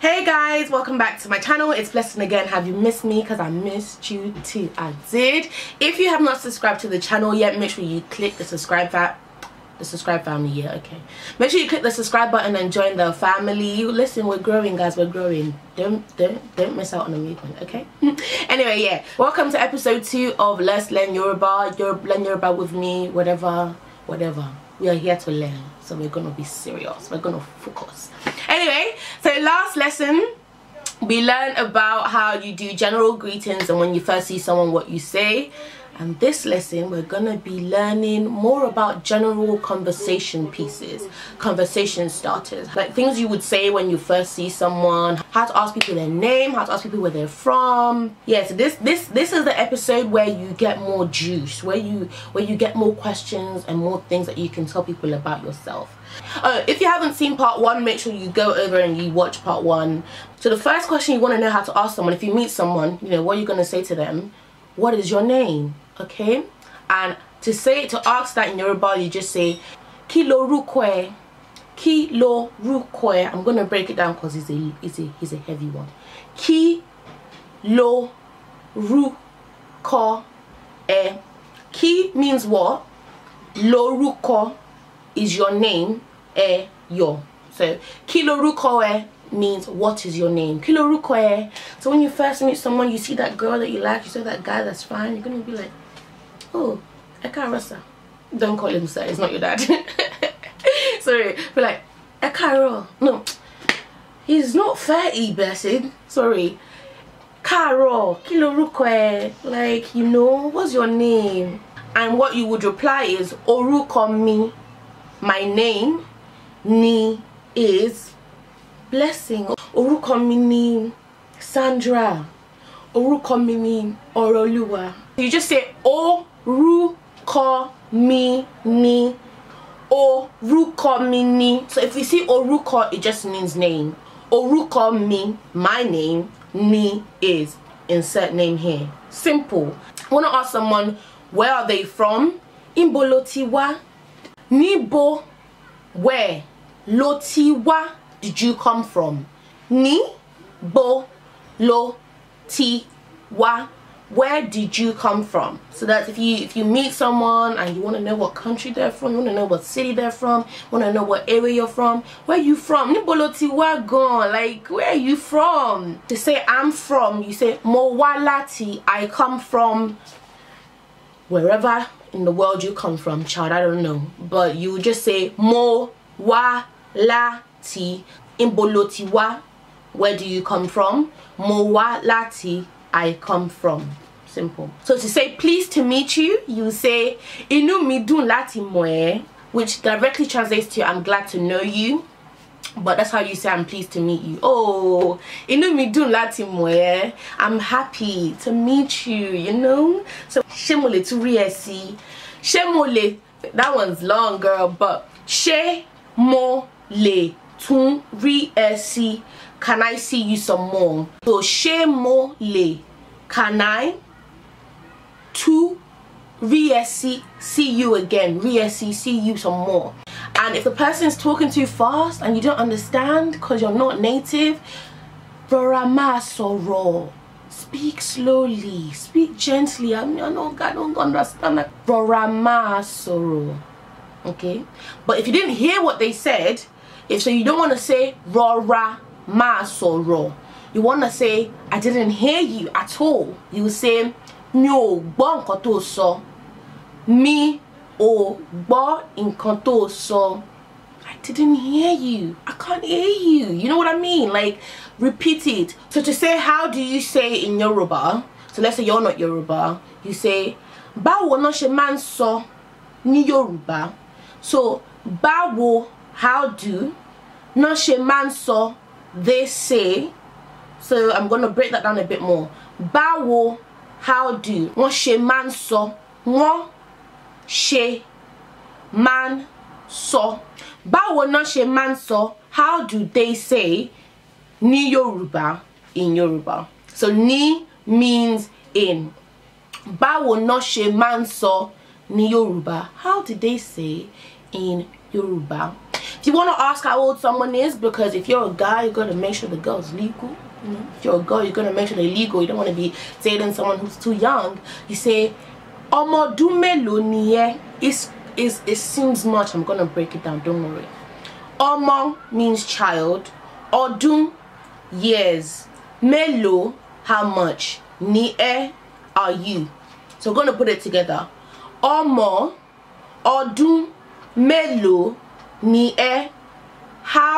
hey guys welcome back to my channel it's blessing again have you missed me because i missed you too i did if you have not subscribed to the channel yet make sure you click the subscribe that the subscribe family yeah okay make sure you click the subscribe button and join the family you listen we're growing guys we're growing don't don't don't miss out on the movement okay anyway yeah welcome to episode two of let's learn yoruba Your, learn yoruba with me whatever whatever we are here to learn so we're gonna be serious we're gonna focus anyway so last lesson we learned about how you do general greetings and when you first see someone what you say and this lesson we're going to be learning more about general conversation pieces conversation starters like things you would say when you first see someone how to ask people their name how to ask people where they're from yes yeah, so this this this is the episode where you get more juice where you where you get more questions and more things that you can tell people about yourself Oh, if you haven't seen part one make sure you go over and you watch part one so the first question you want to know how to ask someone if you meet someone you know what are you going to say to them what is your name okay and to say to ask that in Yoruba you just say Kilo loruko lorúkọ ẹ kí ẹ I'm gonna break it down because it's a it's a it's a heavy one kí lorúkọ ẹ kí means what lorúkọ is your name ẹ yo so Kilo lorúkọ ẹ means what is your name Kilo lorúkọ ẹ so when you first meet someone you see that girl that you like you see that guy that's fine you're gonna be like oh I sir. don't call him sir it's not your dad sorry but like I no he's not 30 blessed sorry Carol, Kilorukwe, like, you know, what's your name? And what you would reply is, me. my name, ni is blessing. me ni Sandra, me ni Oroluwa. You just say Oh. orúkọ mi ni orúkọ mi ni so if you see oruko, it just means name orúkọ mi my name ni is insert name here simple wanna ask someone where are they from níbo ló ti wá where Lotiwa, did you come from Ni bo, lo, ti wa. where did you come from so that if you if you meet someone and you want to know what country they're from you want to know what city they're from want to know what area you're from where you from niboloti like where are you from to say i'm from you say mowalati i come from wherever in the world you come from child i don't know but you just say mowalati imbolotiwa where do you come from mowalati i come from Simple. So to say pleased to meet you, you say inu midun lati which directly translates to I'm glad to know you. But that's how you say I'm pleased to meet you. Oh, inu midun lati mo I'm happy to meet you, you know? So ṣé mo lè tún rí sí. Ṣé mo lè that one's long girl, but ṣé mo lè tún rí sí. Can I see you some more? So ṣé mo lè can I to re-SC, see you again, re-SC, see you some more. And if the person's talking too fast and you don't understand because you're not native, raw. Speak slowly, speak gently. I mean, I don't, I don't understand that. Okay? But if you didn't hear what they said, if so you don't want to say Rora You want to say, I didn't hear you at all. You say mi ò gbọ́ nǹkan tó sọ mi ò gbọ́ nǹkan tó sọ I didn't hear you I can't hear you you know what I mean like repeat it so to say how do you say in Yoruba so let's say you're not Yoruba you say báwo náà ṣe máa man so báwo how do náà ṣe sọ they say so I'm gonna break that down a bit more báwo how do wọ́n ṣe máa ń sọ wọ́n ṣe máa ń sọ báwo náà ṣe máa ń sọ how do they say ní Yorùbá in Yorùbá so ni means in báwo náà ṣe máa ń sọ ní Yorùbá how do they say in Yorùbá. If you wanna ask how old someone is? Because if you're a guy, you gotta make sure the girl's legal. Mm-hmm. you are a girl, you're gonna mention illegal, you don't wanna be dating someone who's too young, you say, Omo niye." It's is it seems much, I'm gonna break it down, don't worry. Omo means child, Odum years, Melo how much, Niye are you. So we're gonna put it together. Omo, Odum, Melo, Niye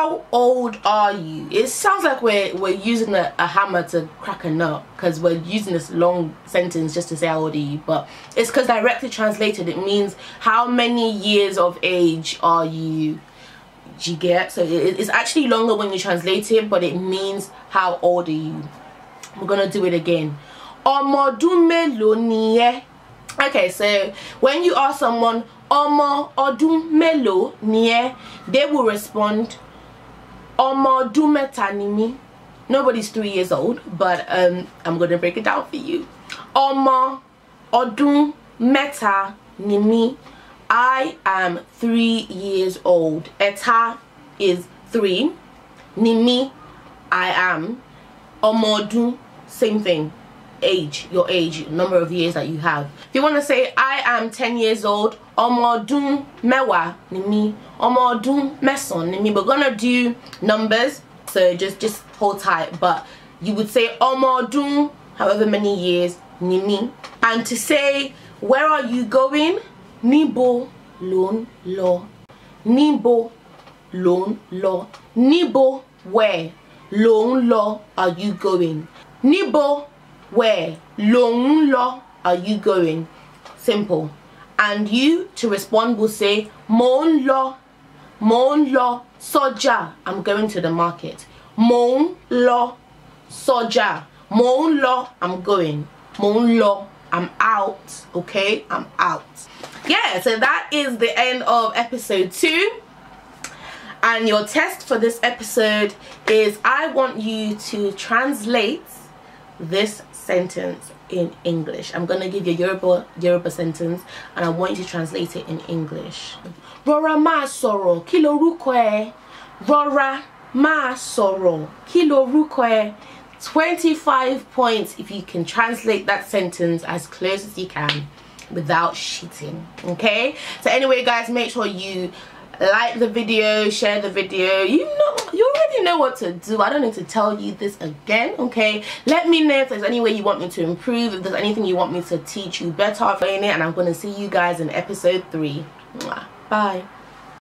how old are you? It sounds like we're, we're using a, a hammer to crack a nut because we're using this long sentence just to say how old are you, but it's because directly translated it means how many years of age are you? Do you get? So it, it's actually longer when you translate it, but it means how old are you? We're gonna do it again. Okay, so when you ask someone, Omo odun melo niye, they will respond, ọmọ ọdún mẹ́ta ni nobody's three years old but um, i'm gonna break it down for you ọmọ ọdún mẹ́ta ni i am three years old ẹ̀ta is three Nimi, i am ọmọ ọdún same thing age, your age, number of years that you have. If you want to say, I am 10 years old, Omodun Mewa Nimi, Omodun Meson Nimi, we're going to do numbers, so just, just hold tight, but you would say Omodun, however many years, Nimi. And to say, where are you going? Nibo Lon Lo. Nibo Lon Lo. Nibo, where? Lon Lo, are you going? Nibo where long lo are you going simple and you to respond will say mon lo mon lo soja i'm going to the market mon lo soja mon lo i'm going mon lo i'm out okay i'm out yeah so that is the end of episode two and your test for this episode is I want you to translate this sentence in English. I'm gonna give you a Yoruba, Yoruba sentence and I want you to translate it in English. Rọra ma sọ̀rọ̀ kilo rukwe. Rọra ma sọ̀rọ̀ kilo rukwe. 25 points if you can translate that sentence as close as you can without cheating okay so anyway guys make sure you like the video share the video you know you already know what to do i don't need to tell you this again okay let me know if there's any way you want me to improve if there's anything you want me to teach you better in it and i'm going to see you guys in episode three bye